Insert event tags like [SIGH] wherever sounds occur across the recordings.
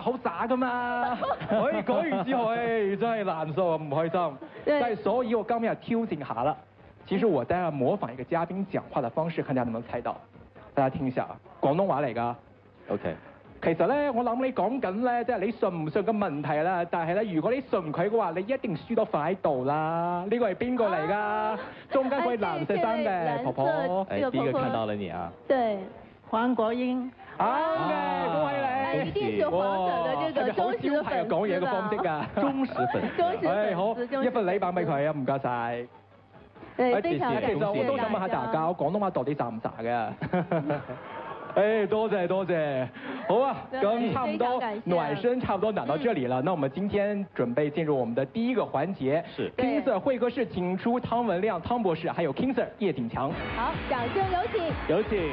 好傻噶嘛！可以講完之後真係難受，唔開心。但係所以我今日挑戰下啦。其實我哋係模仿一個嘉賓講話的方式，有有看大家能不能猜到。大家聽一下啊，廣東話嚟噶。OK。其實咧，我諗你講緊咧，即係你信唔信嘅問題啦。但係咧，如果你信佢嘅話，你一定輸到快喺度啦。呢個係邊個嚟㗎？Oh. 中間嗰個藍色衫嘅婆婆，誒，第一個看到了你啊。對，黃國英。好恭喜迎來，一定是黃總的這個忠實粉嘢嘅方式粉，忠實粉,、啊忠實粉啊哎、好，一份禮品俾佢啊，唔該晒。誒，非常感謝。其實我都想問下大家，我廣東話到底咋唔咋㗎？誒、哎，多謝多謝。好啊，咁差唔多暖身，差唔多暖到這裏了、嗯，那我們今天準備進入我們的第一個環節。是。King Sir，會客室請出湯文亮湯博士，還有 King Sir 葉景強。好，掌聲有請。有請。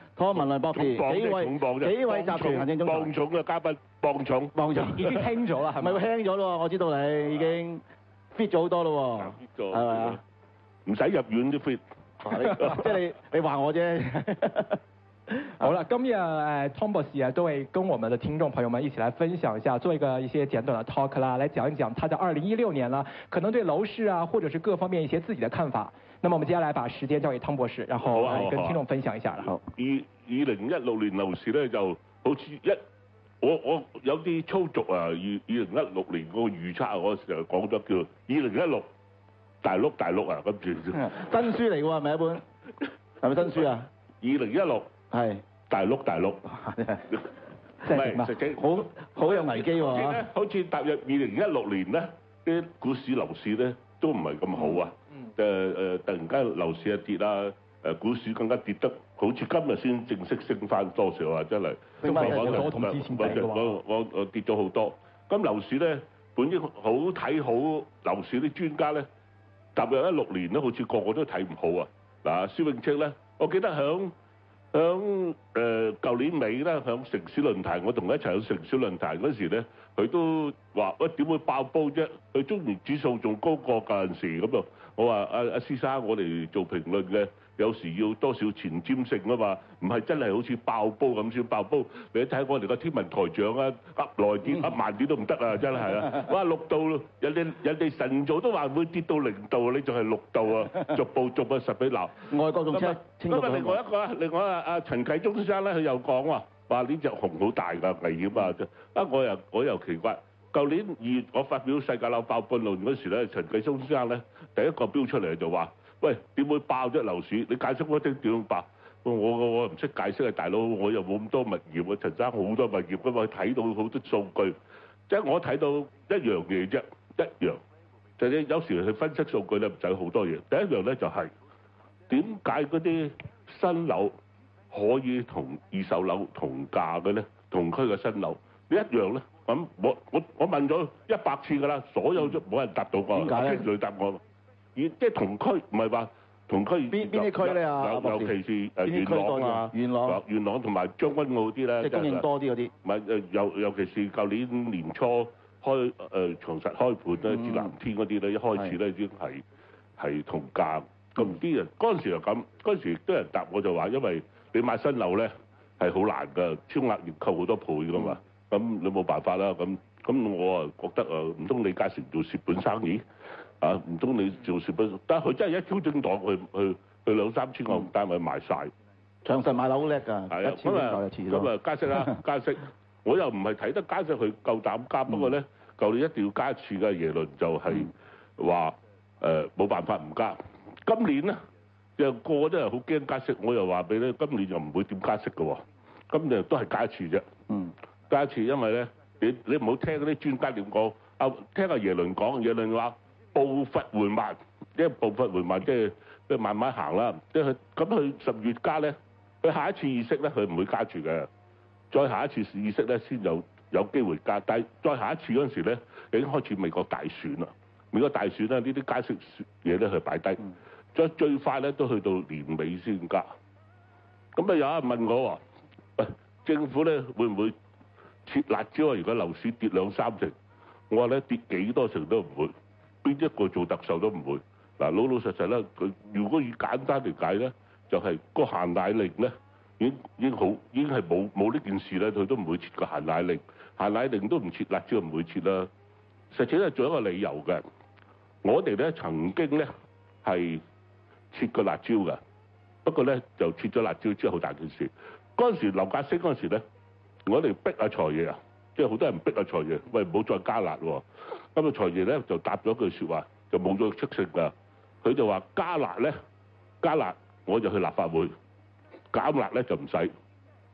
湯文亮呢位你呢位集團行政總裁，磅重嘅嘉賓，磅重，磅重已經，聽了 [LAUGHS] 已經輕咗啦，係咪？唔係輕咗咯，我知道你、啊、已經 fit 咗好多咯，係、嗯、咪啊？唔使、啊、入院都 fit， [LAUGHS] 啊、你 [LAUGHS] 即係你你話我啫。 [LAUGHS] [LAUGHS] 好啦，今日誒湯博士 s 都會跟我們嘅聽眾朋友們一起來分享一下，做一個一些簡短嘅 talk 啦，嚟講一講他在二零一六年啦，可能對樓市啊，或者是各方面一些自己嘅看法。那麼我們接下來把時間交給湯博士，然後跟聽眾分享一下。好、啊。二二零一六年樓市咧，就好似一，我我有啲粗俗啊，二二零一六年嗰個預測嗰時候講咗叫二零一六大碌大碌啊，咁住先。新書嚟㗎喎，係咪一本？係咪新書啊？二零一六。係。大碌大碌。唔係，即係好好有危機喎、啊！好似踏入二零一六年呢，啲股市樓市咧都唔係咁好啊。誒誒，突然間樓市一跌啦，誒，股市更加跌得，好似今日先正式升翻多少啊！真係，唔係講就同之前嘅話，我我跌咗好多。咁樓市咧，本應好睇好樓市啲專家咧，踏入一六年咧，好似個個都睇唔好啊！嗱，施永青咧，我記得響響誒舊年尾咧，響城市論壇，我同佢一齊響城市論壇嗰時咧，佢都話喂，點會爆煲啫？佢中原指數仲高過嗰陣時咁啊！我話阿阿先生，我哋做評論嘅有時要多少前瞻性啊嘛，唔係真係好似爆煲咁先爆煲。你睇我哋個天文台長啊，噏耐啲、噏慢啲都唔得啊，真係啊！哇， [LAUGHS] 六度，人哋人哋晨早都話會跌到零度，你仲係六度啊，逐步逐步實俾鬧。外國仲咁啊，另外一個啊，另外啊，阿陳啟宗先生咧，佢又講話，話呢隻熊好大㗎，危險啊！啊、嗯，我又我又奇怪。舊年二月我發表世界樓爆論嗰時咧，陳繼聰先生咧第一個標出嚟就話，喂，點會爆咗樓市？你解釋嗰啲點樣爆？我我唔識解釋啊大佬，我又冇咁多物業啊，陳生好多物業噶嘛，睇到好多數據，即係我睇到一樣嘢啫，一樣，就你有時去分析數據咧，唔使好多嘢。第一樣咧就係點解嗰啲新樓可以同二手樓同價嘅咧，同區嘅新樓，你一樣咧？咁、嗯、我我我問咗一百次㗎啦，所有都冇人答到過，千類答案。而即係同區唔係話同區，邊邊啲區咧啊？尤其是誒元朗啊，元朗同埋將軍澳啲咧，即係今年多啲嗰啲。唔係誒，尤尤其是舊年年初開誒長、呃、實開盤咧，至藍天嗰啲咧，一開始咧已經係係同價。咁啲人嗰陣、嗯、時又咁，嗰陣時都有人答我就話，因為你買新樓咧係好難㗎，超額要扣好多倍㗎嘛。嗯咁你冇辦法啦。咁咁我啊覺得啊唔通李嘉誠做蝕本生意 [LAUGHS] 啊？唔通你做蝕本生意？但係佢真係一挑正黨去，去佢佢兩三千個單位咪賣曬長實買樓好叻㗎，一千蚊一咁啊加息啦加息，加息 [LAUGHS] 我又唔係睇得加息佢夠膽加。嗯、不過咧，舊年一定要加一次嘅耶倫就係話誒冇辦法唔加。今年呢，又個真係好驚加息。我又話俾你，今年就唔會點加息㗎喎。今年都係加一次啫。嗯。加一次，因為咧，你你唔好聽嗰啲專家點講，阿聽阿耶倫講，耶倫話步伐緩慢，即係步伐緩慢，即係即係慢慢行啦。即係咁，佢十月加咧，佢下一次議息咧，佢唔會加住嘅。再下一次議息咧，先有有機會加。但係再下一次嗰陣時咧，已經開始美國大選啦。美國大選咧，呢啲加息嘢咧，佢擺低。再最快咧，都去到年尾先加。咁啊，有人問我話，政府咧會唔會？切辣椒啊！如果樓市跌兩三成，我話咧跌幾多成都唔會，邊一個做特首都唔會。嗱老老實實咧，佢如果以簡單嚟解咧，就係個限奶令咧，已經已經好，已經係冇冇呢件事咧，佢都唔會切個限奶令。限奶令都唔切辣椒，唔會切啦。實際咧做一個理由嘅，我哋咧曾經咧係切過辣椒嘅，不過咧就切咗辣椒之後好大件事。嗰陣時樓價升，嗰陣時咧。我哋逼阿財爺啊，即係好多人逼阿財爺，喂唔好再加辣喎。咁啊財爺咧就答咗句説話，就冇咗出聲㗎。佢就話加辣咧，加辣，加辣我就去立法會；減辣咧就唔使。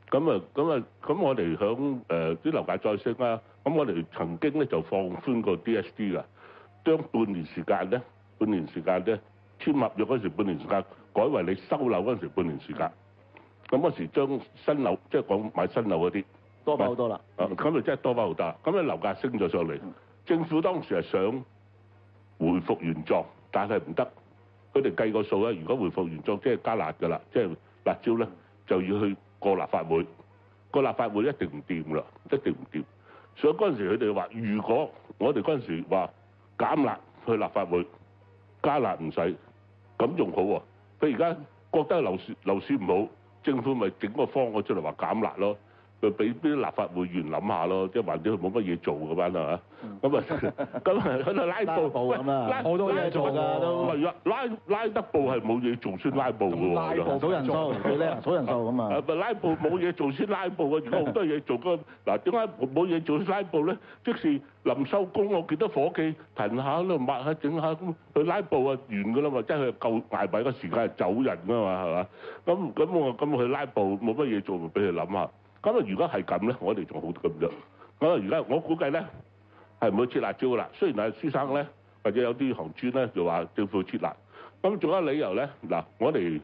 咁啊咁啊咁，我哋響誒啲樓價再升啦。咁我哋曾經咧就放寬過 DSD 㗎，將半年時間咧，半年時間咧簽合約嗰時半年時間，改為你收樓嗰時半年時間。咁嗰時將新樓即係講買新樓嗰啲。多翻好多啦！啊，咁啊真係多翻好多啦！咁啊樓價升咗上嚟，政府當時係想回復原狀，但係唔得。佢哋計個數啦，如果回復原狀，即係加辣㗎啦，即係辣椒咧就要去過立法會。個立法會一定唔掂啦，一定唔掂。所以嗰陣時佢哋話：如果我哋嗰陣時話減辣去立法會，加辣唔使，咁仲好喎。佢而家覺得樓市樓市唔好，政府咪整個方案出嚟話減辣咯。佢俾啲立法會議員諗下咯，即係還掂佢冇乜嘢做咁樣啊嘛。咁啊，咁啊喺度拉布，喂，好多嘢做㗎都。唔係啊，拉得拉得布係冇嘢做先拉布㗎，拉布討人收，幾叻人收咁啊。拉布冇嘢做先拉布㗎，做 [LAUGHS] 如果好多嘢做，嗱點解冇嘢做拉布咧？即是臨收工，我見到夥計停下喺度抹下整下咁去拉布啊完㗎啦嘛，即係夠捱埋個時間就走人㗎嘛係嘛？咁咁我咁佢拉布冇乜嘢做，咪俾佢諗下。咁如果係咁咧，我哋仲好咁啫。咁啊！如果我估計咧，係唔會撤辣招噶啦。雖然啊，書生咧或者有啲行專咧就話政府撤辣，咁仲有理由咧，嗱，我哋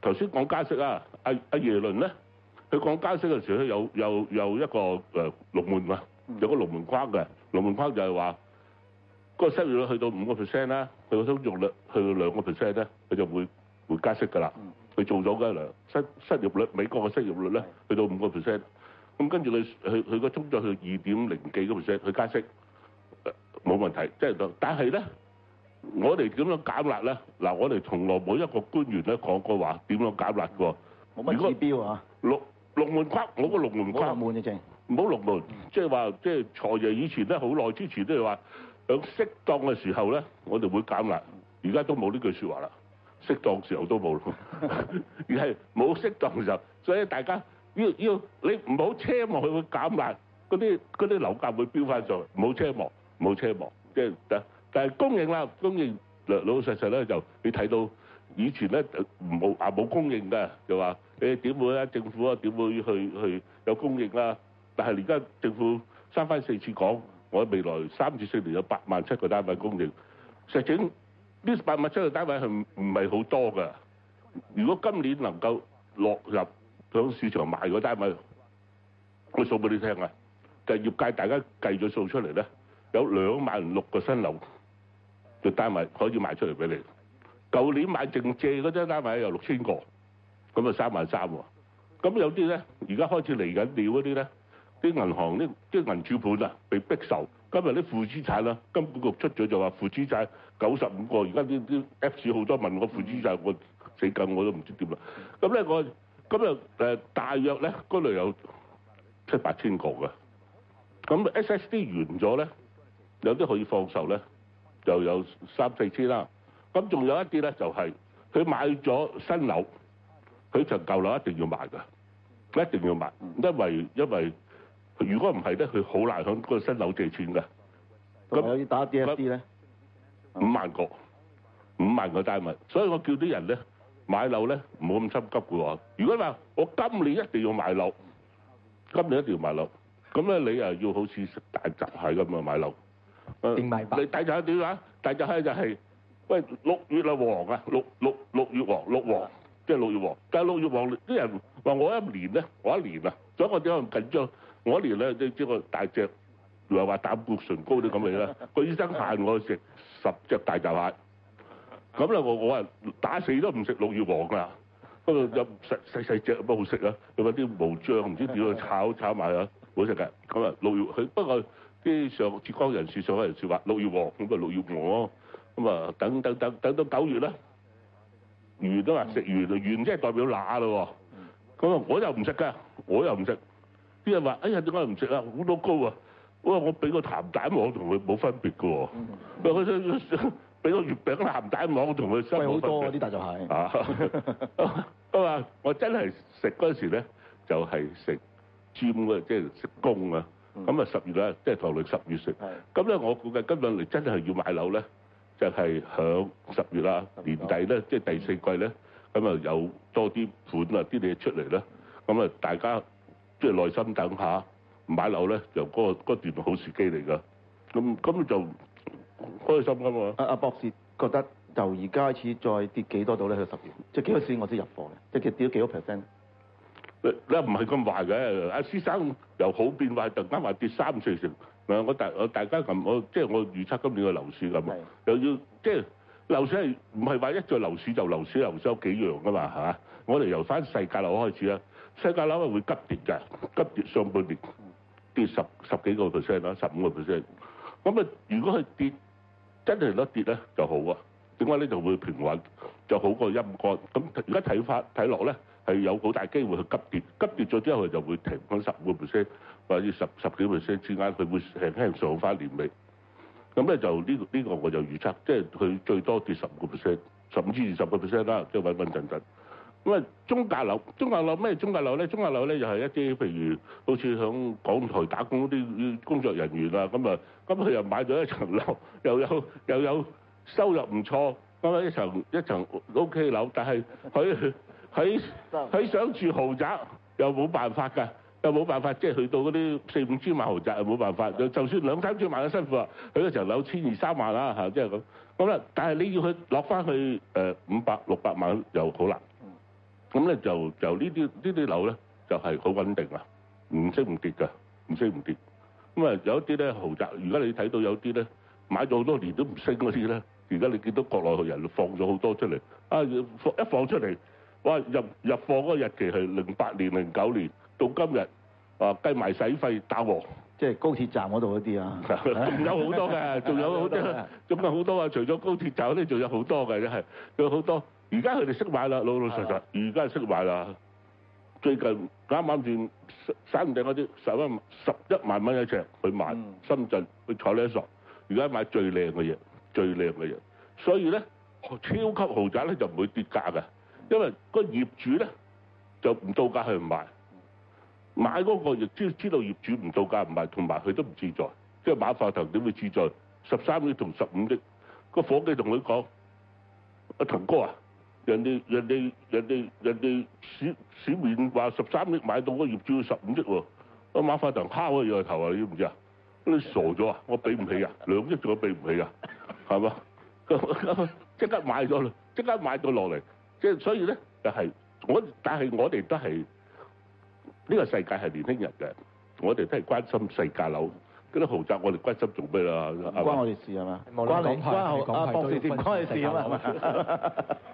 頭先講加息啊，阿阿耶倫咧，佢講加息嘅時候咧，有又一個誒、呃、龍門啊，有個龍門框嘅龍門框就係話，嗰、那個失業率去到五個 percent 啦，佢通脹率去到兩個 percent 咧，佢就會就會加息噶啦。佢做咗㗎啦，失失業率美國嘅失業率咧，去到五個 percent，咁跟住佢佢佢個中咗去二點零幾個 percent 去加息，冇、呃、問題，即、就、係、是、但係咧，我哋點樣減辣咧？嗱，我哋從來冇一個官員咧講過話點樣減辣過，冇乜指標啊，龍龍門框，我個龍門框，冇龍門嘅正，龍門，即係話即係財爺以前咧好耐之前都係話，喺適當嘅時候咧，我哋會減辣，而家都冇呢句説話啦。適當時候都冇咯，而係冇適當時候，所以大家要要你唔好奢望佢會減壓，嗰啲嗰啲樓價會飆翻上，冇奢望，冇奢望，即係得。但係供應啦，供應老老實實咧就你睇到以前咧冇啊冇供應嘅，就話誒點會咧？政府啊點會去去有供應啦？但係而家政府三番四次講，我未來三至四年有八萬七個單位供應，實證。呢八萬七個單位係唔係好多㗎？如果今年能夠落入響市場賣個單位，我數俾你聽啊！就業界大家計咗數出嚟咧，有兩萬六個新樓嘅單位可以賣出嚟俾你。舊年買淨借嗰啲單位有六千個，咁啊三萬三喎。咁有啲咧，而家開始嚟緊料嗰啲咧，啲銀行啲即係銀主盤啊，被逼售。今日啲負資產啦，金管局出咗就話負資產九十五個，而家啲啲 Apps 好多問我負資產，我死梗我都唔知點啦。咁咧我咁又誒大約咧嗰度有七八千個㗎。咁 SSD 完咗咧，有啲可以放售咧，就有三四千啦。咁仲有一啲咧就係佢買咗新樓，佢層舊樓一定要賣㗎，一定要賣，因為因為。如果唔係咧，佢好難向嗰個新樓借錢㗎。咁我要打 D F D 咧，五萬個，五萬個單位。所以我叫啲人咧買樓咧唔好咁心急嘅喎。如果話我今年一定要買樓，今年一定要買樓，咁咧你又要好似食大閘蟹咁樣買樓。定買？你大閘蟹就係點啊？大閘蟹就係就係喂六月啊黃啊，六六六月黃六黃，即係、就是、六月黃。但係六月黃啲人話我一年咧，我一年啊，所以我點解咁緊張。我一年咧，你知我大隻，唔係話膽固醇高啲咁嘅嘢啦。個醫生限我食十隻大閘蟹，咁咧我我啊打死都唔食六月黃啦。不過有細細細隻，有乜好食啊？有冇啲毛醬唔知點樣炒炒埋啊？好食嘅。咁啊六月，佢不過啲上浙江人士、上海人士話六月黃咁啊六月黃。咁啊等等等等到九月啦，魚都話食完魚，魚即係代表乸咯。咁啊，我又唔食嘅，我又唔食。啲人話，哎呀，點解唔食啊？好多膏啊！哇，我俾個鹹蛋黃同佢冇分別噶喎。嗯。佢俾個月餅鹹蛋黃同佢，貴好多啲，但就係。啊。啊，我真係食嗰陣時咧，就係食尖啊，即係食公啊。咁、就、啊、是，十月咧，即係頭嚟十月食。咁咧，我估計今年嚟真係要買樓咧，就係響十月啦，年底咧，即係第四季咧，咁啊有多啲款啊啲嘢出嚟咧，咁啊大家。即係耐心等下，買樓咧就嗰個嗰段好時機嚟噶，咁咁就開心噶嘛。阿阿博士覺得就而家開始再跌幾多度咧？喺十年即係幾多線我先入貨咧？即係跌咗幾多 percent？你你又唔係咁壞嘅，阿先生由好變壞，突然間話跌三四成。唔係我大我大家咁，我即係我預測今年嘅樓市咁，又要即係樓市係唔係話一再樓市就樓市，樓市有幾樣噶嘛嚇？我哋由翻細價樓開始啊！世界樓係會急跌㗎，急跌上半年跌十十幾個 percent 啦，十五個 percent。咁啊，如果佢跌真係得跌咧就好啊。點解呢度會平穩，就好過陰乾。咁而家睇法睇落咧係有好大機會去急跌，急跌咗之後佢就會停翻十五個 percent 或者十十幾 percent 之間，佢會輕輕上翻年尾。咁咧就呢呢、呢個呢個我就預測，即係佢最多跌十五個 percent，十五至二十個 percent 啦，即係穩穩陣陣。咁啊，中價樓，中價樓咩？中價樓咧，中價樓咧又係一啲譬如好似響港台打工嗰啲工作人員啊，咁啊，咁佢又買咗一層樓，又有又有收入唔錯，咁啊一層一層 OK 樓，但係佢佢佢想住豪宅，又冇辦法㗎，又冇辦法，即係去到嗰啲四五千萬豪宅又冇辦法，就就算兩三千萬嘅辛苦啊，佢嗰層樓千二三萬啊嚇，即係咁。咁啦，但係你要佢落翻去誒五百六百萬又好難。咁咧就就呢啲呢啲樓咧就係好穩定啊，唔升唔跌嘅，唔升唔跌。咁啊有一啲咧豪宅，如果你睇到有啲咧買咗好多年都唔升嗰啲咧，而家你見到國內人放咗好多出嚟，啊放一放出嚟，哇入入貨嗰個日期係零八年零九年到今日，啊計埋使費打鑊，即係高鐵站嗰度嗰啲啊，仲有好多嘅，仲有好多，仲有好多啊！除咗高鐵站咧，仲有好多嘅，真係有好多。而家佢哋識買啦，老老實實。而家識買啦，最近啱啱轉山頂嗰啲十蚊十一萬蚊一呎，去買深圳去坐呢一索。而家買最靚嘅嘢，最靚嘅嘢。所以咧，超級豪宅咧就唔會跌價嘅，因為個業主咧就唔到價，去唔賣。買嗰個亦知知道業主唔到價唔賣，同埋佢都唔自在，即係馬化騰點會自在？十三億同十五億，個伙計同佢講：阿騰哥啊！人哋人哋人哋人哋市，市面話十三億買到，個業主要十五億喎。個馬化騰敲佢又係頭啊，你知唔知啊？你傻咗啊？我畀唔起啊， [LAUGHS] 兩億仲要畀唔起啊，係嘛？即刻買咗，即刻買咗落嚟，即係所以咧，就係我，但係我哋都係呢、呢個世界係年輕人嘅，我哋都係關心世界樓，嗰啲豪宅我哋關心做咩啊？唔關我哋事啊嘛，關你關阿博士關你事嘛。 [LAUGHS]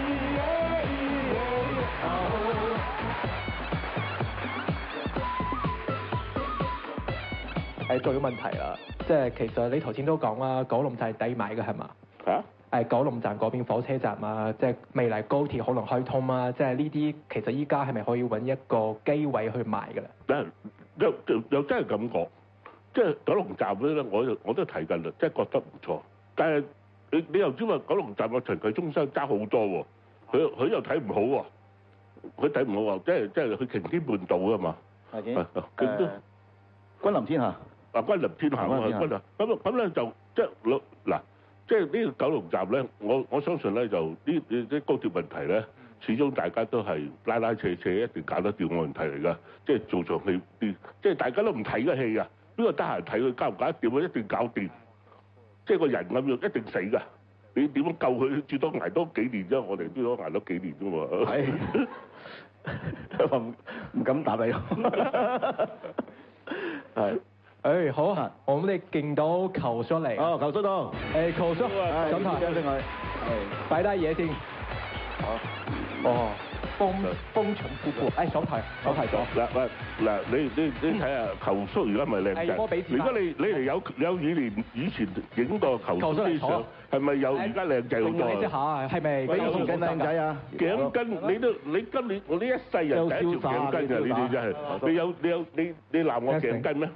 誒最要問題啦，即係其實你頭先都講啦，九龍站抵買嘅係嘛？係啊。九龍站嗰邊火車站啊，即係未來高鐵可能開通啊，即係呢啲其實依家係咪可以揾一個機位去買嘅咧？又，又真係咁講，即係九龍站嗰啲咧，我就我都睇緊啦，即係覺得唔錯。但係你你頭先話九龍站個循啟中生揸好多喎，佢佢又睇唔好喎，佢睇唔好話，即係即佢擎天半島啊嘛。係都、呃、君臨天下。嗱，君臨天下啊，關啊，咁啊，咁咧就即係老嗱，即係呢個九龍站咧，我我相信咧就呢啲高鐵問題咧，始終大家都係拉拉扯扯，一定搞得掂問題嚟㗎。即係做場戲啲，即係大家都唔睇嘅戲㗎。邊個得閒睇佢？搞唔搞得掂？一定搞掂。即係個人咁樣一定死㗎。你點樣救佢？最多捱多幾年啫。我哋最多捱多幾年啫嘛。係。唔唔敢答你。係。誒好啊！我哋見到球叔嚟，哦，球叔到，誒球叔，咁啊，多謝佢，擺低嘢先，好，哦，風風塵僕僕，誒手提手提咗，嗱喂嗱你你你睇下球叔而家唔係靚仔，如果你你哋有有以前以前影過球叔嘅相，係咪有而家靚仔好多啊？你一下係咪？你有冇靚仔啊？頸巾你都你，今年我呢一世人第一條頸巾啊！你你真係，你有你有你你鬧我頸巾咩？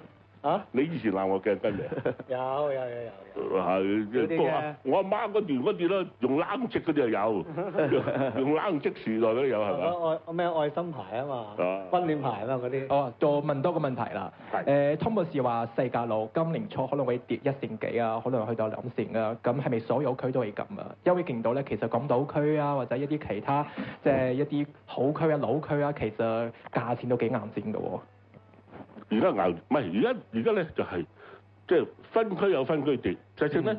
嚇、啊！你以前鬧我嘅真嘅。有有有有。係即係我阿媽嗰段嗰啲咯，用冷積嗰啲又有， [LAUGHS] 用冷積時代都有係 [LAUGHS] 嘛？愛咩愛心牌啊嘛，婚戀牌啊嘛嗰啲。哦，就問多個問題啦。係。誒，湯博士話細價樓今年初可能會跌一成幾啊，可能去到兩成啊。咁係咪所有區都係咁啊？因為見到咧，其實港島區啊，或者一啲其他即係、就是、一啲好區啊、老區啊，其實價錢都幾硬淨㗎喎。而家牛唔係，而家而家咧就係即係分區有分區跌，實際咧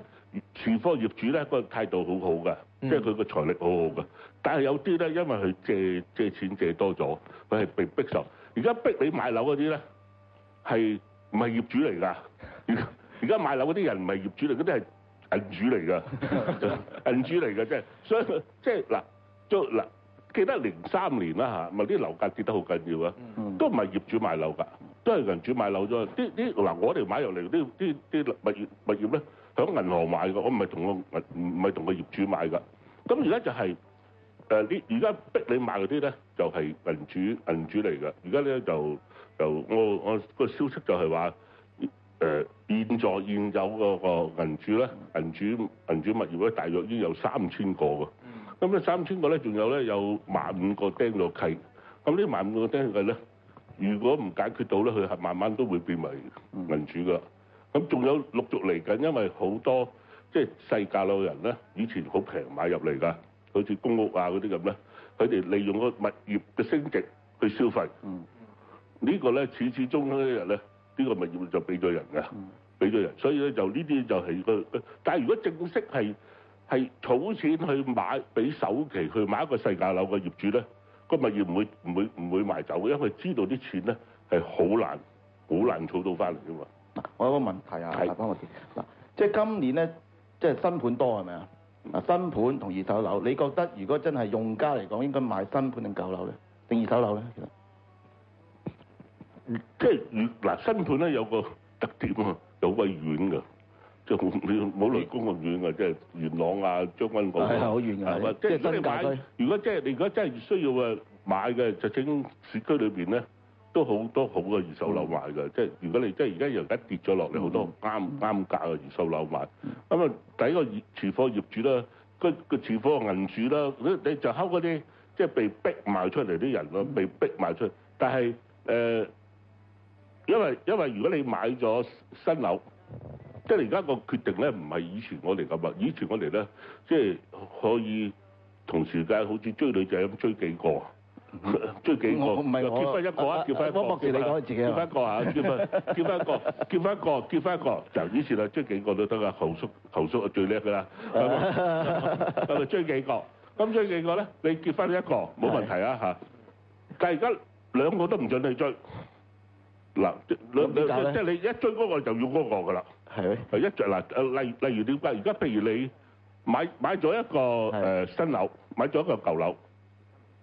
廚房業主咧個態度很好好嘅，嗯，即係佢個財力好好嘅。但係有啲咧，因為佢借借錢借多咗，佢係被逼售。而家逼你買樓嗰啲咧係唔係業主嚟㗎？而家買樓嗰啲人唔係業主嚟，嗰啲係銀主嚟㗎，嗯、 [LAUGHS] 銀主嚟㗎，即係。所以即係嗱，嗱記得零三年啦嚇，咪啲樓價跌得好緊要啊，嗯，都唔係業主賣樓㗎。都係銀主買樓咗，啲啲嗱，我哋買入嚟啲啲啲物業物業咧，喺銀行買嘅，我唔係同個物唔係同個業主買嘅。咁而家就係誒呢，而家逼你買嗰啲咧，就係銀主銀主嚟嘅。而家咧就就我我個消息就係話誒現在現有嗰個銀主咧，銀主銀主物業咧，大約已經有三千個㗎。咁咧三千個咧，仲有咧有萬五個釘咗契。咁呢萬五個釘咗契咧，如果唔解決到咧，佢係慢慢都會變為銀主㗎。咁、嗯、仲有陸續嚟緊，因為好多即係細價樓嘅人咧，以前好平買入嚟㗎，好似公屋啊嗰啲咁咧，佢哋利用個物業嘅升值去消費。嗯這個、呢個咧始，始終都有一日咧，呢、這個物業就俾咗人㗎，俾咗人。所以咧就呢啲就係個，但係如果正式係係儲錢去買，俾首期去買一個細價樓嘅業主咧？個物業唔會唔會唔會賣走嘅，因為知道啲錢咧係好難好難儲到翻嚟啫嘛。嗱，我有個問題啊，答翻我先。嗱，即係今年咧，即係新盤多係咪啊？嗱，新盤同二手樓，你覺得如果真係用家嚟講，應該買新盤定舊樓咧，定二手樓咧？即係，嗱，新盤咧有個特點啊，有位遠㗎。即係冇雷公咁遠㗎，即係元朗啊、將軍澳啊，係啊，好遠㗎，係咪？即係真價居。如果即係你，如果真係需要啊買嘅，就稱市區裏邊咧都好多好嘅二手樓買㗎。即係如果你即係而家又一跌咗落嚟，好多啱啱價嘅二手樓買。咁啊，第一個業持貨業主啦，個個持貨銀主啦，你你就溝嗰啲即係被逼賣出嚟啲人咯，被逼賣出。但係誒，因為因為如果你買咗新樓。即係而家個決定咧，唔係以前我哋咁啊！以前我哋咧，即係可以同時間好似追女仔咁追幾個，追幾個。我唔係我結婚一個啊，結婚一個。我漠視你我自己。結婚一個啊！結婚一個，結婚一個，結婚一個。就以前啊，追幾個都得啊，豪叔豪叔啊，最叻噶啦。追幾個？咁追幾個咧？你結婚一個冇問題啊嚇！但係而家兩個都唔准你追。嗱， [LAUGHS] 即係你一追嗰個就要嗰個噶啦。係咧，就一著嗱誒，例例如你話？而家譬如你買買咗一個誒新樓，買咗一個舊樓，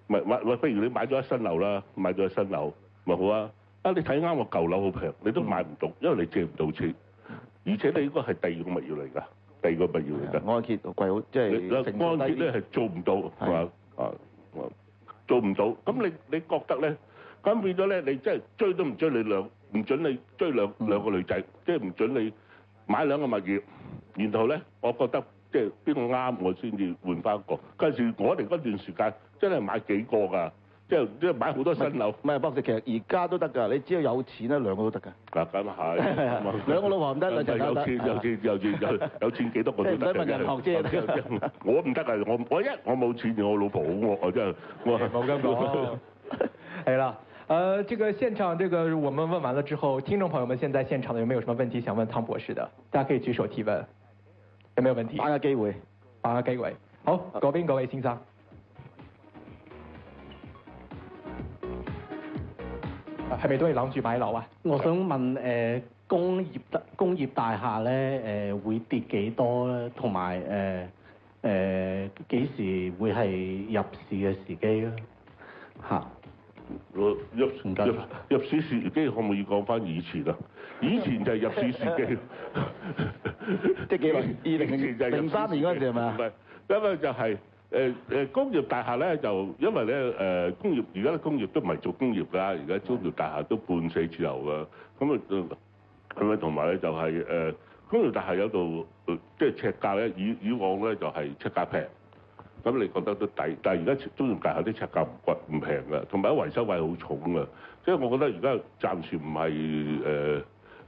唔係買買譬如你買咗一新樓啦，買咗一新樓，咪好啊？啊，你睇啱個舊樓好平，你都買唔到，因為你借唔到錢，而且你呢個係第二個物業嚟㗎，第二個物業嚟㗎。按揭好貴好，即係成年低於。嗱，按揭咧係做唔到，係嘛？啊啊，做唔到。咁你你覺得咧？咁變咗咧，你即係追都唔追你兩唔準你追兩兩個女仔，即係唔準你。買兩個物業，然後咧，我覺得即係邊個啱，我先至換翻一個。跟住我哋嗰段時間真係買幾個㗎，即係即係買好多新樓。唔係，博士，其實而家都得㗎，你只要有，有錢咧，兩個都得㗎。嗱，咁係。兩個老婆唔得，兩個有錢有錢有錢有有錢幾 [LAUGHS] 多個都得嘅。兩個人學啫。我唔得㗎，我我一我冇錢，我老婆好惡啊！我真係。冇咁講。係啦。 [LAUGHS] 是的 [LAUGHS] 呃、uh,，這個現場，這個我們問完了之後，聽眾朋友們現在現場的有沒有什麼問題想問湯博士的？大家可以舉手提問，有沒有問題？把握機會，把握機會。好，嗰邊嗰位先生，係咪都係攬住買樓啊？我想問，呃、工,業工業大工業大廈咧，會跌幾多咧？同埋誒誒幾時會係入市嘅時機啊？吓？ [MUSIC] 我入入入市時機可唔可以講翻以前啊？以前就係入， [LAUGHS] 入市時機，即係幾耐二零年就係零三年嗰陣時係嘛？唔係，因為就係誒誒工業大廈咧，就因為咧誒、呃、工業而家咧工業都唔係做工業㗎，而家工業大廈都半死之流㗎。咁啊，係咪同埋咧就係、是、誒、呃、工業大廈有度即係尺價咧？以以往咧就係尺價平。咁你覺得都抵，但係而家中業大廈啲尺價唔貴唔平㗎，同埋啲維修費好重㗎，即係我覺得而家暫時唔係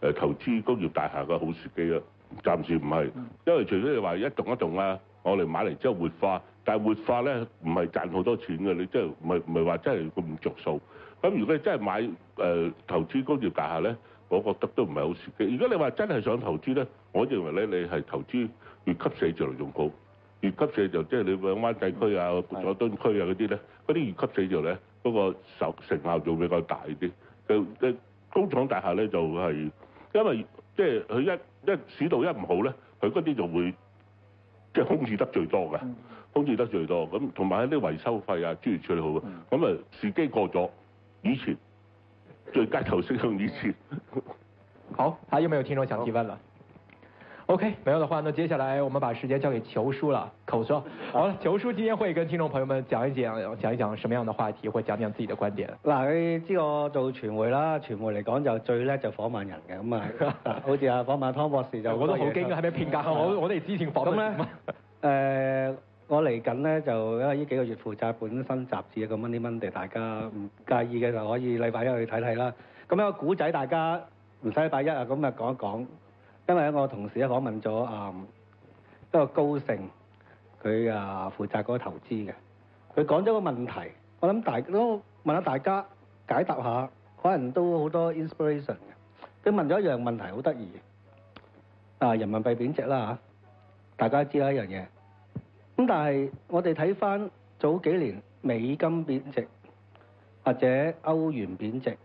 誒誒投資工業大廈嘅好時機咯，暫時唔係，因為除非你話一棟一棟啊，我哋買嚟之後活化，但係活化咧唔係賺好多錢嘅，你即係唔係唔係話真係咁著數。咁如果你真係買誒投資工業大廈咧，我覺得都唔係好時機。如果你話真係想投資咧，我認為咧你係投資越細寫字樓嚟仲好。二級市就即係、就是、你響灣仔區啊、嗯、佐敦區啊嗰啲咧，嗰啲二級市就咧，嗰、那個受成效仲比較大啲。就即、嗯、工廠大廈咧就係、是，因為即係佢一一市道一唔好咧，佢嗰啲就會即係、就是、空置得最多嘅、嗯，空置得最多。咁同埋啲維修費啊，諸如處理好。咁、嗯、啊時機過咗，以前最街頭適用以前。好，還有沒有聽眾想提問了？OK，沒有的話，那接下來我們把時間交給球叔了，口說，好了，球、啊、叔今天會跟聽眾朋友們講一講講一講什麼樣的話題或講一講自己的觀點嗱，你知我做傳媒啦，傳媒嚟講就最叻就訪問人嘅，咁 [LAUGHS] 啊，好似啊訪問湯博士就 [LAUGHS] 我都好驚㗎，係咪騙格我我哋之前訪問咁 [LAUGHS] 咧麼呢、 [LAUGHS] 呃，我嚟緊咧就因為呢幾個月負責本身雜誌一個 Money Monday，大家唔 [LAUGHS] 介意嘅就可以禮拜一去睇睇啦。咁樣個古仔大家唔使禮拜一啊，咁啊講一講。因為我同事咧訪問咗啊一個高盛，佢啊負責嗰個投資嘅，佢講咗個問題，我諗大家都問下大家解答下，可能都好多 inspiration 嘅。佢問咗一樣問題，好得意，啊人民幣貶值啦嚇，大家知啦一樣嘢。咁但係我哋睇翻早幾年美金貶值，或者歐元貶值、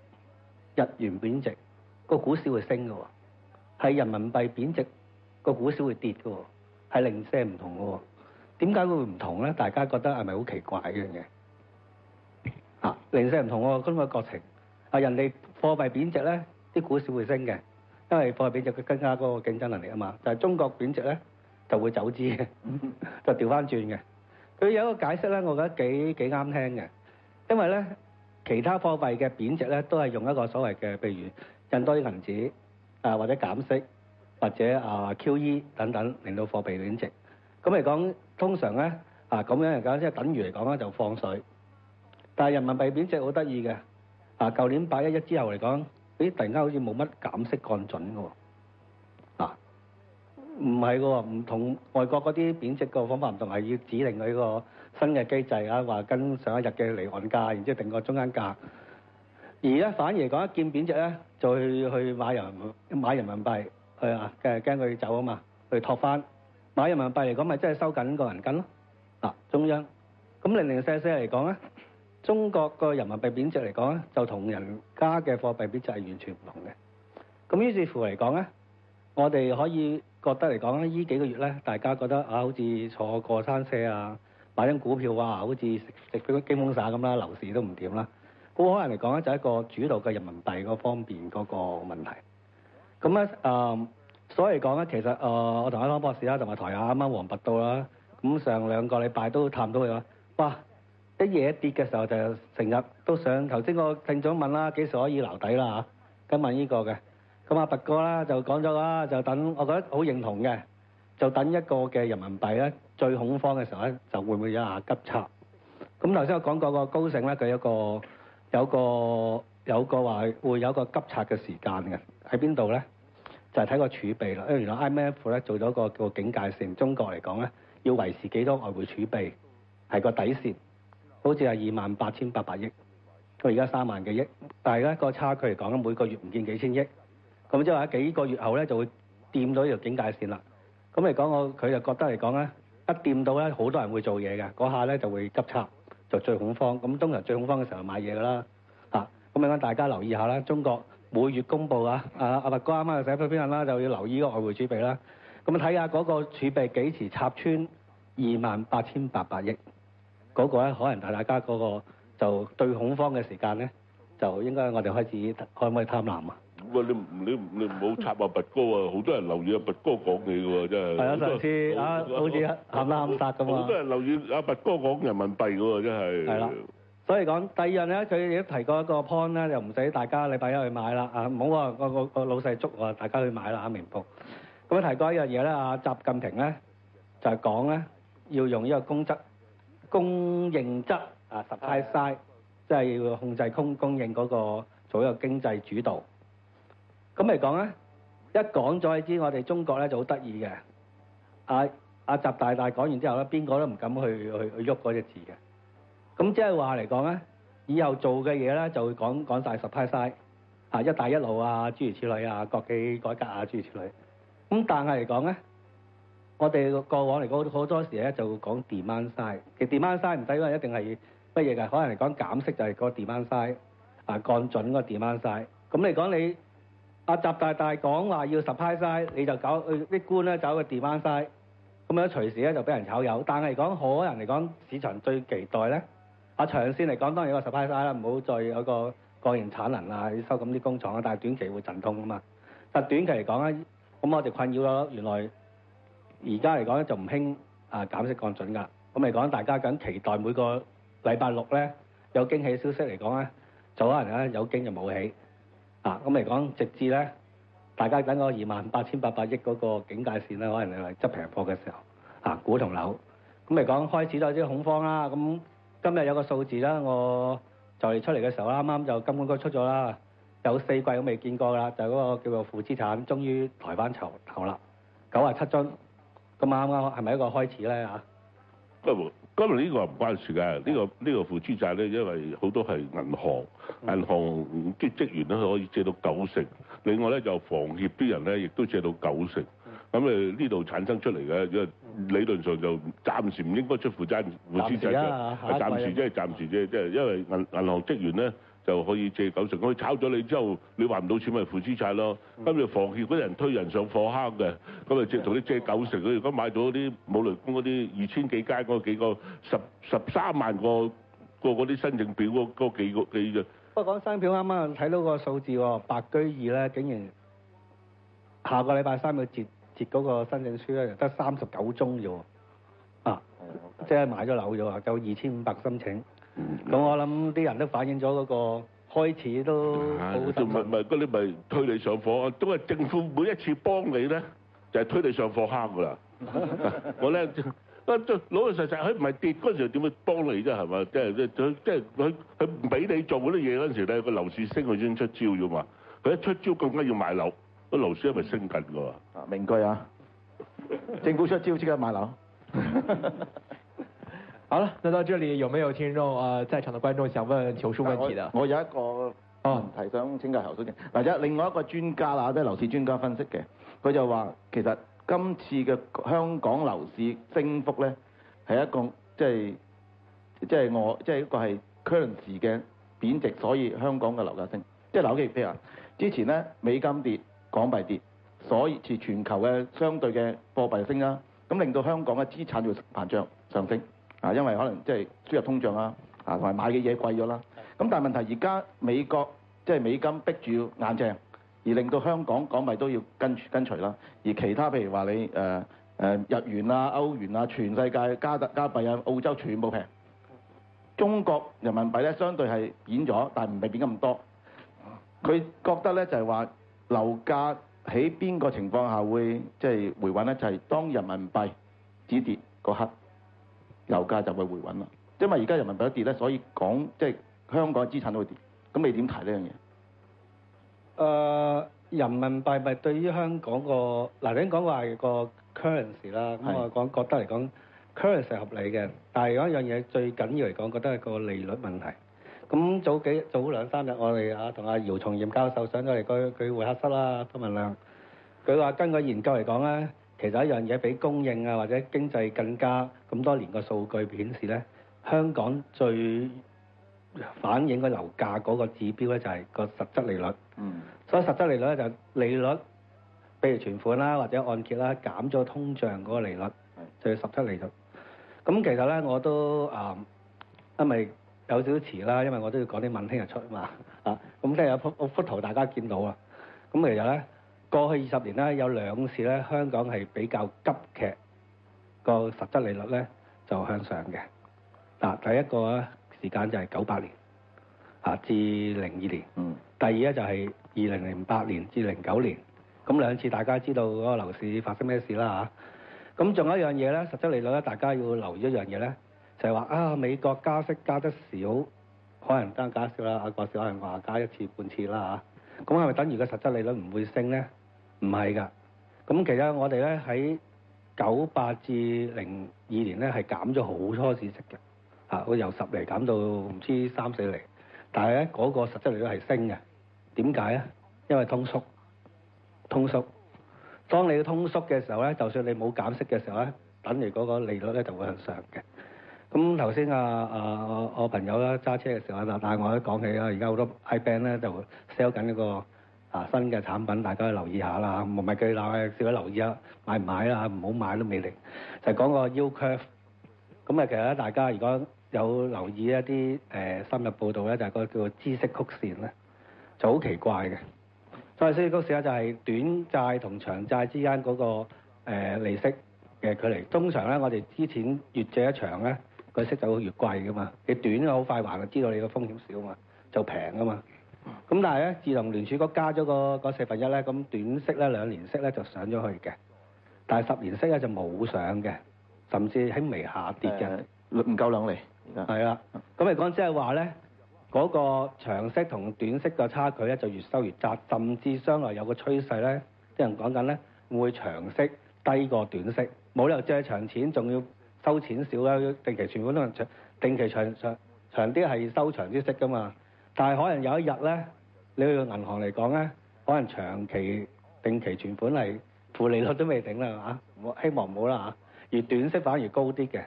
日元貶值，個股市會升㗎喎，係人民幣貶值，個股市會跌嘅，係零舍唔同嘅喎。點解會唔同咧？大家覺得係咪好奇怪一樣嘢啊？零舍唔同喎，今個國情啊，人哋貨幣貶值咧，啲股市會升嘅，因為貨幣貶值佢增加嗰個競爭能力啊嘛。但係中國貶值咧，就會走資嘅，就調翻轉嘅。佢有一個解釋咧，我覺得幾幾啱聽嘅，因為咧其他貨幣嘅貶值咧都係用一個所謂嘅，譬如印多啲銀紙。啊或者減息，或者啊 QE 等等令到貨幣貶值，咁嚟講通常咧啊咁樣嚟講即係等於嚟講咧就放水，但係人民幣貶值好得意嘅，啊舊年八一一之後嚟講，咦突然間好似冇乜減息降準嘅喎，唔係嘅喎，唔同外國嗰啲貶值嘅方法唔同，係要指定佢呢個新嘅機制啊，話跟上一日嘅離岸價，然之後定個中間價，而咧反而嚟講一見貶值咧。再去買人民幣，買人民幣，係啊，梗係驚佢走啊嘛，去托翻買人民幣嚟講，咪真係收緊個銀根咯。嗱，中央咁零零四四嚟講咧，中國個人民幣貶值嚟講咧，就同人家嘅貨幣貶值係完全唔同嘅。咁於是乎嚟講咧，我哋可以覺得嚟講咧，呢幾個月咧，大家覺得啊，好似坐過山車啊，買緊股票啊，好似食食啲驚風散咁啦，樓市都唔掂啦。好可能嚟講咧，就係、一個主導嘅人民幣嗰方面嗰個問題。咁咧誒，所以嚟講咧，其實、呃、我同阿亮博士啦，同埋台下啱啱黃拔刀啦，咁上兩個禮拜都探到佢話，哇，一夜一跌嘅時候就成日都想，頭先個正總問啦，幾時可以留底啦嚇？咁問呢個嘅。咁阿拔哥啦就講咗啦，就等，我覺得好認同嘅，就等一個嘅人民幣咧最恐慌嘅時候咧，就會唔會有下急插。咁頭先我講過、嗰個高盛咧，佢一個。有個有個話會有個急插嘅時間嘅喺邊度咧？就係、是、睇個儲備啦。因為原來 IMF 咧做咗個叫警戒線，中國嚟講咧要維持幾多外匯儲備，係個底線，好似係二萬八千八百億。佢而家三萬幾億，但係咧、呢個差距嚟講咧，每個月唔見幾千億，咁即係話幾個月後咧就會掂到呢條警戒線啦。咁嚟講我，我佢就覺得嚟講咧，一掂到咧，好多人會做嘢嘅，嗰下咧就會急插。就最恐慌，咁通常最恐慌嘅時候買嘢㗎啦，咁、啊、等大家留意下啦。中國每月公布啊，阿阿伯哥啱啱又寫咗篇文啦，就要留意個外匯儲備啦、啊。咁睇下嗰個儲備幾時插穿二萬八千八百億嗰、嗰個咧，可能大大家嗰個就最恐慌嘅時間咧，就應該我哋開始可唔可以貪婪啊？喂你唔你唔你唔好插阿拔哥啊！好多人留意阿拔哥講嘢㗎喎，真係。係啊，上次啊，好似喊啦喊殺咁啊。好多人留意阿拔哥講人民幣㗎喎，真係。係啦，所以講第二樣咧，佢亦都提過一個 point 咧，又唔使大家禮拜一大家去買啦啊！唔好話個個個老細捉話大家去買啦，阿明報咁樣提過一樣嘢咧啊，習近平咧就係講咧要用呢個供質供應質啊，太曬，即係要控制供供應嗰個做一個經濟主導。咁嚟講咧，一講咗之後我哋中國咧就好得意嘅。阿、啊、阿、啊、習大大講完之後咧，邊個都唔敢去去去喐嗰隻字嘅。咁即係話嚟講咧，以後做嘅嘢咧就會講講曬 supply side 啊，一帶一路啊，諸如此類啊，國企改革啊，諸如此類。咁但係嚟講咧，我哋過往嚟講好多時咧就會講 demand side。其實 demand side 唔使話一定係乜嘢㗎，可能嚟講減息就係嗰 demand side 啊，降準嗰 demand side。咁嚟講你。阿習大大講話要十派晒，你就搞去啲官咧走個 d 班晒。咁樣隨時咧就俾人炒油。但係嚟講，可能嚟講市場最期待咧，阿、啊、長線嚟講當然有個十派晒 p 啦，唔好再有個過型產能啊，要收緊啲工廠啊。但係短期會振痛啊嘛。但短期嚟講咧，咁我哋困擾咗，原來而家嚟講咧就唔興啊減息降準額。咁嚟講，大家緊期待每個禮拜六咧有驚喜消息嚟講咧，就可能咧有驚就冇喜。啊，咁嚟講，直至咧，大家等我二萬八千八百億嗰個警戒線咧，可能你嚟執平貨嘅時候，啊，股同樓，咁嚟講開始都有啲恐慌啦。咁今日有個數字啦，我就嚟出嚟嘅時候啦，啱啱就金管局出咗啦，有四季都未見過㗎喇，就嗰個叫做負資產，終於抬翻頭啦，九啊七樽，咁啱啱係咪一個開始咧吓？不、嗯、冇。因為呢個唔關事㗎，呢個呢個負資產咧，因為好多係銀行，銀行啲職員咧可以借到九成，另外咧就房協啲人咧亦都借到九成。咁誒呢度產生出嚟嘅，因為理論上就暫時唔應該出負責任負資產嘅。暫時即係暫時即係因為銀銀行職員咧。就可以借九成，可以炒咗你之後，你還唔到錢咪負資產咯。咁、嗯、住房協嗰啲人推人上火坑嘅，咁咪借同、嗯、你借九成。如果買咗啲武雷公嗰啲二千幾間嗰、那個、幾個十十三萬個個嗰啲申請表嗰嗰、那個、幾個幾就。不過講生表啱啱睇到個數字喎，白居二咧竟然下個禮拜三去接截嗰個申請書咧，得三十九宗啫喎，啊，嗯、即係買咗樓啫喎，就二千五百申請。咁、嗯、我諗啲人都反映咗嗰個開始都好受。唔係唔係，佢咪推你上火啊？都係政府每一次幫你咧，就係、係、推你上火坑㗎啦。 [LAUGHS] 我咧，老老實實，佢唔係跌嗰陣時點會幫你啫？係嘛？即係即係即係佢佢俾你做嗰啲嘢嗰陣時咧， [LAUGHS] 個樓市升佢先出招啫嘛。佢一出招更加要買樓，個樓市係咪升緊㗎？啊名句啊！政府出招即刻買樓。 [LAUGHS] 好啦，那到這裡，有沒有聽眾啊、呃，在場的觀眾想問球叔問題的？我，我有一個問題哦，提想請教球叔嘅。嗱，有另外一個專家啦，即係樓市專家分析嘅，佢就話其實今次嘅香港樓市升幅咧係一個即係即係我即係一個係 currency 嘅貶值，所以香港嘅樓價升，即係樓價，譬如話之前咧美金跌，港幣跌，所以是全球嘅相對嘅貨幣升啦、啊，咁令到香港嘅資產就膨脹上升。啊，因為可能即係輸入通脹啦，啊同埋買嘅嘢貴咗啦。咁但係問題而家美國即係、就是、美金逼住要硬淨，而令到香港港幣都要跟隨跟隨啦。而其他譬如話你誒誒、呃呃、日元啊、歐元啊，全世界加特加幣啊、澳洲全部平。中國人民幣咧相對係貶咗，但係唔係貶咁多。佢覺得咧就係、是、話樓價喺邊個情況下會即係、就是、回穩咧，就係、是、當人民幣止跌嗰刻。油價就會回穩啦，因為而家人民幣一跌咧，所以講即係香港嘅資產都會跌，咁你點睇呢樣嘢？誒、呃，人民幣咪對於香港個嗱，你講話個 currency 啦，咁我講覺得嚟講，currency 係合理嘅，但係有一樣嘢最緊要嚟講，覺得係個利率問題。咁早幾早兩三日，我哋啊同阿姚松炎教授上咗嚟個佢會客室啦，咁文亮，佢話根據研究嚟講咧。其實一樣嘢比供應啊或者經濟更加咁多年個數據顯示咧，香港最反映個樓價嗰個指標咧就係、是、個實質利率。嗯。所以實質利率咧就是利率，譬如存款啦、啊、或者按揭啦、啊、減咗通脹嗰個利率，就係、是、實質利率。咁其實咧我都啊、嗯，因為有少少遲啦，因為我都要講啲問聽日出啊嘛。啊， [LAUGHS] 咁聽日幅幅圖大家見到啊。咁其實咧。過去二十年咧，有兩次咧，香港係比較急劇個實質利率咧就向上嘅。嗱，第一個時間就係九八年至零二年，嗯，第二咧就係二零零八年至零九年，咁兩次大家知道個樓市發生咩事啦嚇。咁仲有一樣嘢咧，實質利率咧，大家要留意一樣嘢咧，就係話啊，美國加息加得少，可能得加少啦，啊個市可能加一次半次啦嚇。咁係咪等於個實質利率唔會升咧？唔係㗎，咁其實我哋咧喺九八至零二年咧係減咗好多利息嘅，嚇，會由十厘減到唔知三四厘，但係咧嗰個實質利率係升嘅，點解咧？因為通縮，通縮。當你通縮嘅時候咧，就算你冇減息嘅時候咧，等於嗰個利率咧就會向上嘅。咁頭先啊啊我朋友咧揸車嘅時候啊，但係我都講起啦，而家好多 IBank 咧就 sell 緊一個。啊，新嘅產品，大家可以留意一下啦，唔係記鬧嘅，小姐留意下，買唔買啦？唔好買，不買都未定。就是、講個 Yield Curve。咁啊，其實咧，大家如果有留意一啲誒深入報導咧，就係、是、個叫做知識曲線咧，就好奇怪嘅。所謂知識曲線咧，就係短債同長債之間嗰、那個、呃、利息嘅距離。通常咧，我哋之前越借一長咧，個息就會越貴噶嘛。你短啊，好快還啊，知道你個風險少嘛，就平噶嘛。咁但係咧，自從聯儲局加咗個四分一咧，咁短息咧、兩年息咧就上咗去嘅，但係十年息咧就冇上嘅，甚至輕微下跌嘅，唔夠兩釐，而家係啦。咁嚟講，即係話咧，嗰、嗰個長息同短息嘅差距咧就越收越窄，甚至將來有個趨勢咧，啲人講緊咧會長息低過短息，冇理由借長錢仲要收錢少啦。定期存款都係長，定期長長長啲係收長啲息㗎嘛。但係可能有一日咧，你去到銀行嚟講咧，可能長期定期存款係負利率都未頂啦嚇，我希望唔好啦嚇。而短息反而高啲嘅，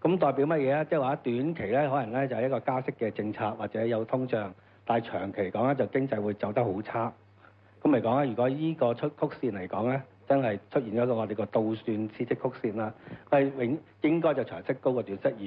咁代表乜嘢啊？即係話短期咧，可能咧就係、是、一個加息嘅政策，或者有通脹，但係長期嚟講咧就經濟會走得好差。咁嚟講咧，如果依個出曲線嚟講咧，真係出現咗個我哋個倒轉孳息曲線啦，係永應該就長息高過短息，而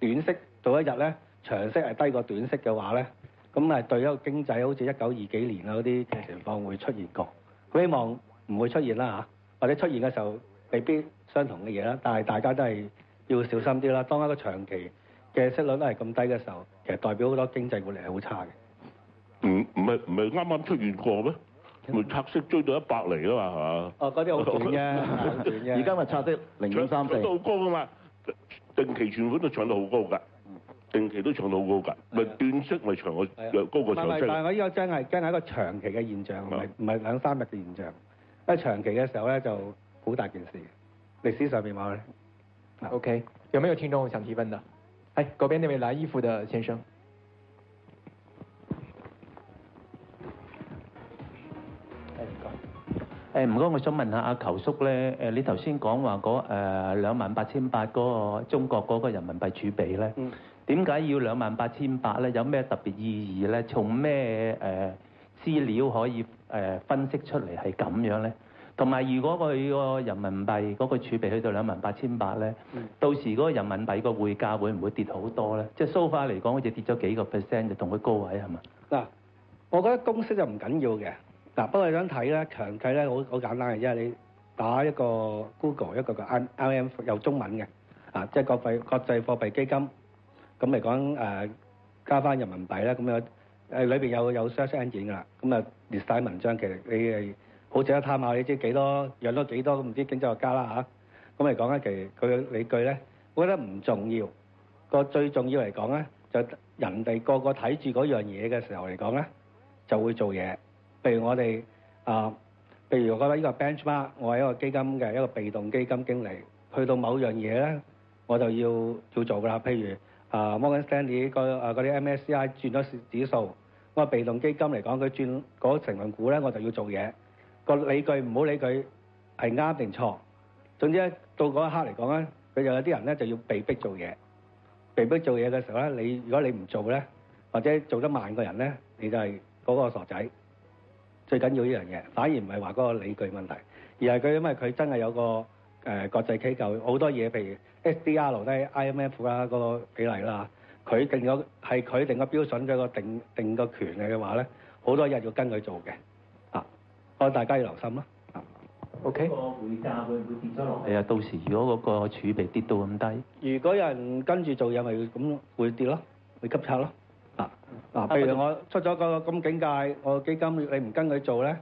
短息到一日咧，長息係低過短息嘅話咧。咁係對一個經濟，好似一九二幾年啊嗰啲嘅情況會出現過。希望唔會出現啦嚇，或者出現嘅時候未必相同嘅嘢啦。但係大家都係要小心啲啦。當一個長期嘅息率都係咁低嘅時候，其實代表好多經濟活力係好差嘅。唔唔係唔係啱啱出現過咩？咪拆息追到一百厘啦嘛，哦，嗰啲好短啫，而家咪拆息零點三四，高高嘅嘛，定期存款都搶到好高㗎。定期都長到好高㗎，咪斷斷息，咪長個高個長,高個長但係我呢個真係真係一個長期嘅現象，唔係唔係兩三日嘅現象。因為長期嘅時候咧就好大件事嘅。歷史上面話咧，OK，有沒有聽眾我想提問的？係嗰邊那位藍衣服的先生。誒唔該，我想問下阿球叔咧，誒你頭先講話嗰誒兩萬八千八嗰個中國嗰個人民幣儲備咧？嗯點解要兩萬八千八咧？有咩特別意義咧？從咩誒資料可以誒分析出嚟係咁樣咧？同埋，如果佢個人民幣嗰個儲備去到兩萬八千八咧，到時嗰人民幣個匯價會唔會跌好多咧？即係 so far 嚟講，好似跌咗幾個 percent 就同佢高位係嘛？嗱，我覺得公式就唔緊要嘅嗱，不過你想睇咧強計咧，好好簡單嘅啫。因為你打一個 Google 一個個 RM 有中文嘅啊，即係國費國際貨幣基金。咁嚟講誒，加翻人民幣啦。咁有誒，裏邊有有 search engine 㗎啦。咁啊，歷史文章其實你係好值得探下，你知幾多養多幾多都唔知經濟學家啦嚇。咁嚟講咧，其實佢理據咧，我覺得唔重要。個最重要嚟講咧，就人哋個個睇住嗰樣嘢嘅時候嚟講咧，就會做嘢。譬如我哋啊，譬如我覺得呢個 benchmark，我係一個基金嘅一個被動基金經理，去到某樣嘢咧，我就要要做㗎啦。譬如。啊 Morgan Stanley 個啊嗰啲 MSCI 轉咗指數，我係被動基金嚟講，佢轉嗰成分股咧，我就要做嘢。個理據唔好理佢係啱定錯，總之咧到嗰一刻嚟講咧，佢就有啲人咧就要被逼做嘢。被逼做嘢嘅時候咧，你如果你唔做咧，或者做得慢個人咧，你就係嗰個傻仔。最緊要呢樣嘢，反而唔係話嗰個理據問題，而係佢因為佢真係有個。誒國際機構好多嘢，譬如 SDR 咧、IMF 啦嗰個比例啦，佢定咗係佢定個標準，再個定定個權力嘅話咧，好多嘢要跟佢做嘅，啊，大家要留心咯。啊，OK 個匯價會唔會跌咗落去？係啊，到時如果個個儲備跌到咁低，如果有人跟住做嘢，咪咁會跌咯，會急策咯。啊嗱、啊，譬如我出咗個咁警界，我基金你唔跟佢做咧，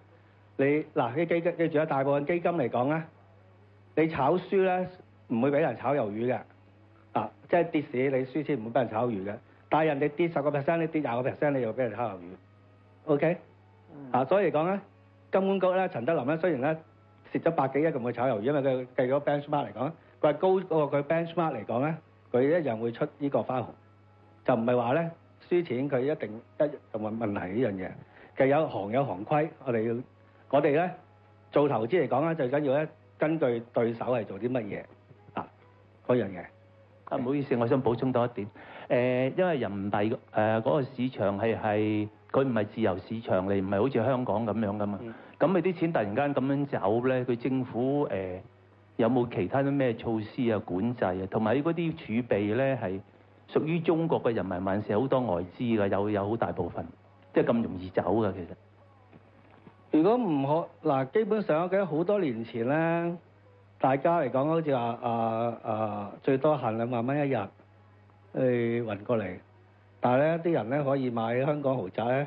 你嗱啲基金記住一大部分基金嚟講咧。你炒輸咧，唔會俾人炒魷魚嘅，啊！即係跌市你輸錢唔會俾人炒魚嘅，但係人哋跌十個 percent，你跌廿個 percent，你又俾人炒魷魚。OK，嗯、啊，所以嚟講咧，金管局咧，陳德霖咧，雖然咧蝕咗百幾億咁去炒魷魚，因為佢計咗 benchmark 嚟講，佢係高過佢 benchmark 嚟講咧，佢一樣會出呢個花紅。就唔係話咧，輸錢佢一定一有問題呢樣嘢。其實有行有行規，我哋要我哋咧做投資嚟講咧，最緊要咧。根據對，對手係做啲乜嘢啊？嗰樣嘢啊，唔好意思，我想補充多一點。誒、呃，因為人民幣嘅誒，嗰、呃嗰個市場係係佢唔係自由市場嚟，唔係好似香港咁樣噶嘛。咁你啲錢突然間咁樣走咧，佢政府誒、呃、有冇其他啲咩措施啊、管制啊，同埋嗰啲儲備咧係屬於中國嘅人民萬事好多外資㗎，有有好大部分即係咁容易走㗎，其實。如果唔可嗱，基本上我記得好多年前咧，大家嚟講好似話啊啊，最多限兩萬蚊一日去運過嚟，但係咧啲人咧可以買香港豪宅咧，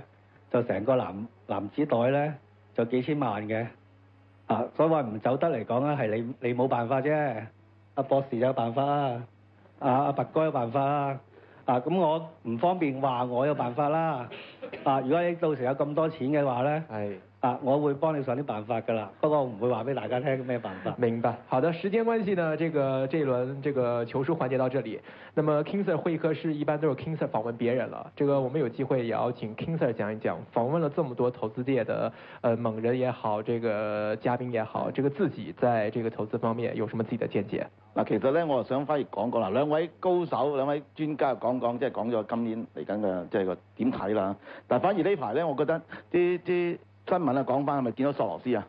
就成個藍藍紙袋咧就幾千萬嘅啊，所以話唔走得嚟講咧係你你冇辦法啫，阿、啊、博士有辦法啦，阿阿伯哥有辦法啊，咁我唔方便話我有辦法啦啊，如果你到時有咁多錢嘅話咧，係。啊！我會幫你想啲辦法㗎啦，不過我唔會話俾大家聽咩辦法。明白，好的。時間關係呢，這個這一輪這個求書環節到這裡。那麼 King Sir 會議科室一般都是 King Sir 訪問別人了這個我們有機會也要請 King Sir 講一講，訪問了這麼多投資界的呃猛人也好，這個嘉賓也好，這個自己在這個投資方面有什麼自己的見解？嗱、okay.，其實呢，我想反而講過啦，兩位高手兩位專家講講，即係講咗今年嚟緊嘅即係個點睇啦。但反而呢排呢，我覺得啲啲。這新聞啊，講翻係咪見到索羅斯啊？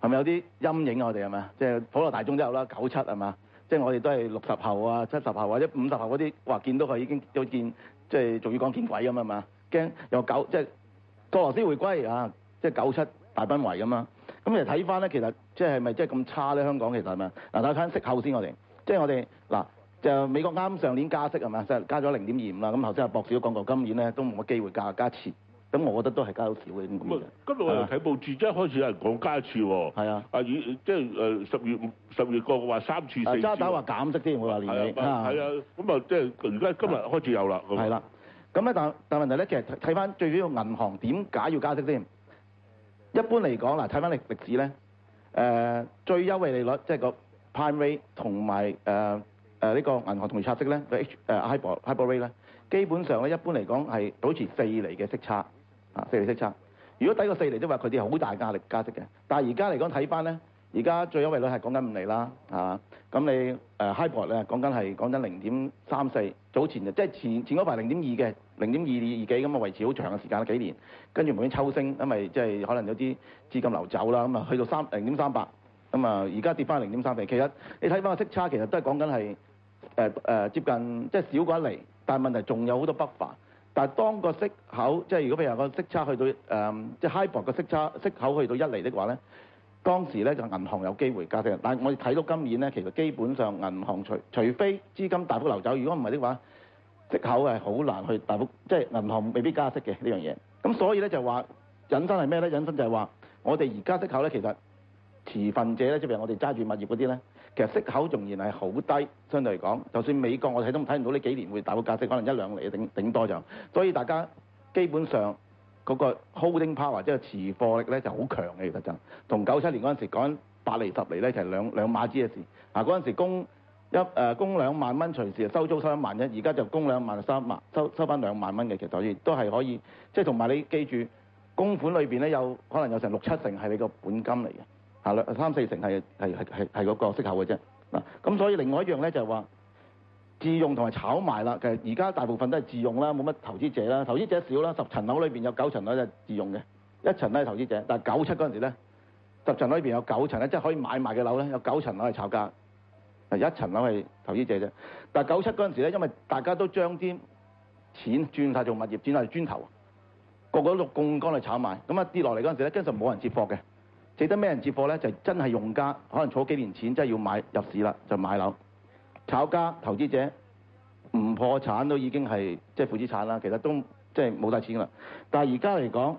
係咪有啲陰影啊？我哋係咪啊？即係普羅大眾都有啦，九七係嘛？即係我哋都係六十後啊、七十後或者五十後嗰啲，話見到佢已經有見，即係仲要講見鬼咁啊嘛？驚有九，即係索羅斯回歸啊！即係九七大崩圍咁嘛。咁你睇翻咧，其實即係咪即係咁差咧？香港其實係咪啊？嗱，睇下息後先我哋即係我哋嗱就美國啱上年加息係嘛，實加咗零點二五啦。咁頭先阿博士講過今年咧都冇乜機會加加息。咁我覺得都係加少少嘅，咁今日我又睇報紙，即係、啊、開始有人講加一次喎、啊。啊，阿即係誒十月十月個話三次四次。渣打話減息先，我話你嚇。啊，咁啊即係而家今日開始有啦。係啦、啊，咁咧、啊、但但問題咧，其實睇翻最主要銀行點解要加息先？一般嚟講嗱，睇翻歷歷史咧，誒、呃、最優惠利率即係、就是、個 prime rate 同埋誒誒呢個銀行同業拆息咧，個、啊、h、uh, 誒 HIBOR rate 咧，基本上咧一般嚟講係保持四厘嘅息差。啊，四厘息差。如果低過四厘的話，佢啲好大壓力加息嘅，但係而家嚟講睇翻咧，而家最優惠率係講緊五厘啦，嚇、啊。咁你誒 HIBOR 咧講緊係講緊零點三四，呃啊、4，早前就即、是、係前前嗰排零點二嘅，零點二二幾咁啊，維持好長嘅時間啦幾年。跟住無端抽升，因為即係可能有啲資金流走啦，咁啊去到三零點三八，咁啊而家跌翻零點三四。其實你睇翻個息差，其實都係講緊係誒誒接近即係少過一厘。但係問題仲有好多 buffer 但係當個息口即係如果譬如話個息差去到誒即係 HIBOR 個息差息口去到一厘的話咧，當時咧就銀行有機會加息。但係我哋睇到今年咧，其實基本上銀行除除非資金大幅流走，如果唔係的話，息口係好難去大幅即係銀行未必加息嘅呢樣嘢。咁所以咧就話引申係咩咧？引申就係話我哋而家息口咧，其實持份者咧，即係譬如我哋揸住物業嗰啲咧。其實息口仍然係好低，相對嚟講，就算美國我睇都睇唔到呢幾年會大幅加息，可能一兩厘頂頂多就。所以大家基本上嗰個 holding power，即係持貨力咧，就好強嘅其實就。同九七年嗰陣時講緊百厘十厘咧，就兩兩碼子嘅事。啊嗰陣時候供一誒、呃、供兩萬蚊，隨時收租收一萬一，而家就供兩萬收萬收收翻兩萬蚊嘅其實所以，都係可以。即係同埋你記住，供款裏面咧有可能有成六七成係你個本金嚟嘅。係啦，三四成係係係係嗰個息口嘅啫。嗱，咁所以另外一樣咧就係話自用同埋炒賣啦。其實而家大部分都係自用啦，冇乜投資者啦，投資者少啦。十層樓裏邊有九層樓就係自用嘅，一層都係投資者。但係九七嗰陣時咧，十層樓裏邊有九層咧，即係可以買賣嘅樓咧，有九層樓係炒價，係一層樓係投資者啫。但係九七嗰陣時咧，因為大家都將啲錢轉晒做物業，轉曬做磚頭，個個都槓桿去炒賣，咁一跌落嚟嗰陣時咧，經常冇人接貨嘅。.即係咩人接貨咧？就真係用家，可能儲幾年錢，真係要買入市啦，就買樓，炒家投資者唔破產都已經係即係負資產啦。其實都即係冇曬錢啦。但係而家嚟講，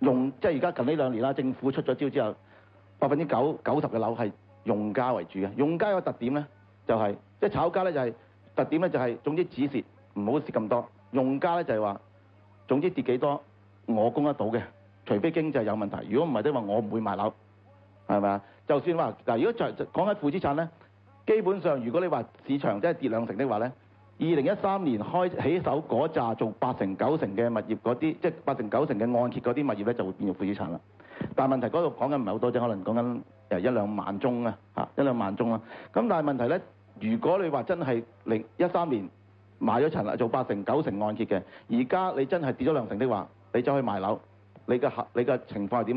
用即係而家近呢兩年啦，政府出咗招之後，百分之九九十嘅樓係用家為主。用家嘅特點咧，就係即係炒家咧就係特點咧，就係總之止蝕唔好蝕咁多。用家咧就係話總之跌幾多，我供得到嘅。除非經濟有問題，如果唔係，即係話我唔會買樓，係咪啊？就算話嗱，如果就講緊負資產咧，基本上如果你話市場真係跌兩成的話咧，二零一三年開起手嗰紮做八成九成嘅物業嗰啲，即係八成九成嘅按揭嗰啲物業咧，就會變做負資產啦。但係問題嗰度講緊唔係好多啫，可能講緊誒一兩萬宗啊，嚇一兩萬宗啊。咁但係問題咧，如果你話真係零一三年買咗層做八成九成按揭嘅，而家你真係跌咗兩成的話，你就可以賣樓。你嘅客你嘅情況係點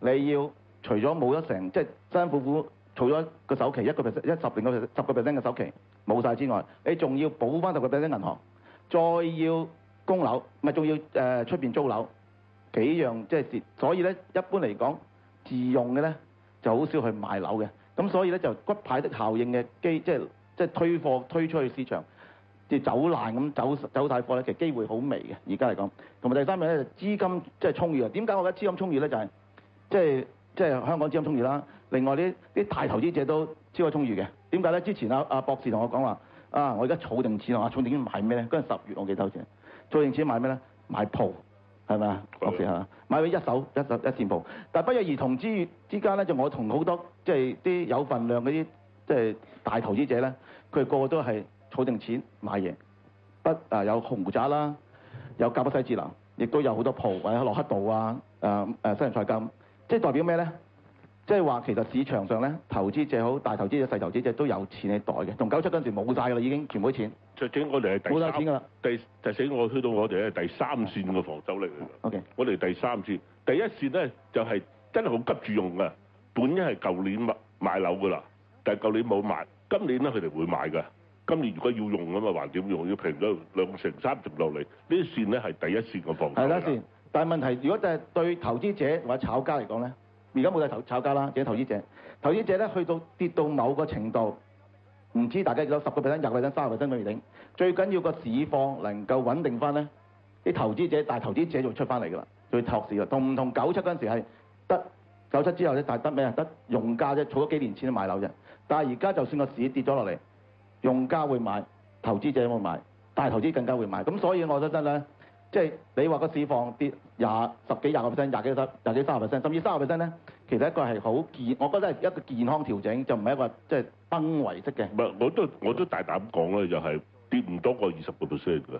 咧？你要除咗冇咗成，即係辛辛苦苦儲咗個首期一個 percent 一十定個 percent 十個 percent 嘅首期冇晒之外，你仲要補翻十個 percent 銀行，再要供樓，咪仲要誒出邊租樓，幾樣即係蝕，所以咧一般嚟講，自用嘅咧就好少去賣樓嘅，咁所以咧就骨牌的效應嘅機，即係即係推貨推出去市場。即係走爛咁走走大貨咧，其實機會好微嘅，而家嚟講。同埋第三樣咧就資金即係充裕啊！點解我覺得資金充裕咧？就係即係即係香港資金充裕啦。另外啲啲大投資者都超級充裕嘅。點解咧？之前啊啊博士同我講話啊，我而家儲定錢啊經買呢，儲定錢買咩咧？嗰陣十月我記得好似儲定錢買咩咧？買鋪係咪啊？博士嚇買咗一手一手一線鋪。但不約而同之之間咧，就我同好多即係啲有份量嗰啲即係大投資者咧，佢個個都係。儲定錢買嘢，不、啊、有紅宅啦、啊，有加北西智能，亦都有好多鋪，或者駱克道啊，新、啊、誒、啊，西人財金，即係代表咩咧？即係話其實市場上咧，投資者好大投資者細投資者都有錢嚟袋嘅，同九七嗰陣時冇曬啦，已經全部啲錢。最我哋係冇曬錢㗎啦。第、第四我推到我哋咧，第三線嘅房組嚟嘅。O、okay. K，我哋第三線，第一線咧就係真係好急住用㗎！本應係舊年買買樓㗎啦，但係舊年冇買，今年咧佢哋會買㗎。今年如果要用咁啊，還點用？要平咗兩成三成落嚟，呢啲線咧係第一線嘅防線。係啦，線。但係問題如果就係對投資者或者炒家嚟講咧，而家冇得投炒家啦，只有投資者。投資者咧去到跌到某個程度，唔知大家有十個 percent、廿個 percent、三十 percent 咁嚟頂。最緊要個市況能夠穩定翻咧，啲投資者但係投資者就會出翻嚟㗎啦，再託市㗎。同唔同九七嗰陣時係得九七之後咧，但係得咩啊？得用價啫，儲咗幾年錢買樓啫。但係而家就算個市跌咗落嚟。用家會買，投資者會買，大投資更加會買。咁所以我都覺得咧，即係你話個市況跌廿十幾廿個 percent，廿幾多得，廿幾卅個 percent，甚至卅個 percent 咧，其實一個係好健，我覺得係一個健康調整，就唔係一個即係崩圍式嘅。唔係，我都我都大膽講啦，就係跌唔多過二十個 percent 嘅，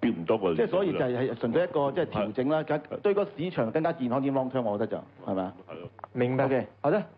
跌唔多過。即係所以就係係純粹一個即係調整啦，對個市場更加健康點 long term，我覺得就係咪。明白嘅，好的。Okay. Okay.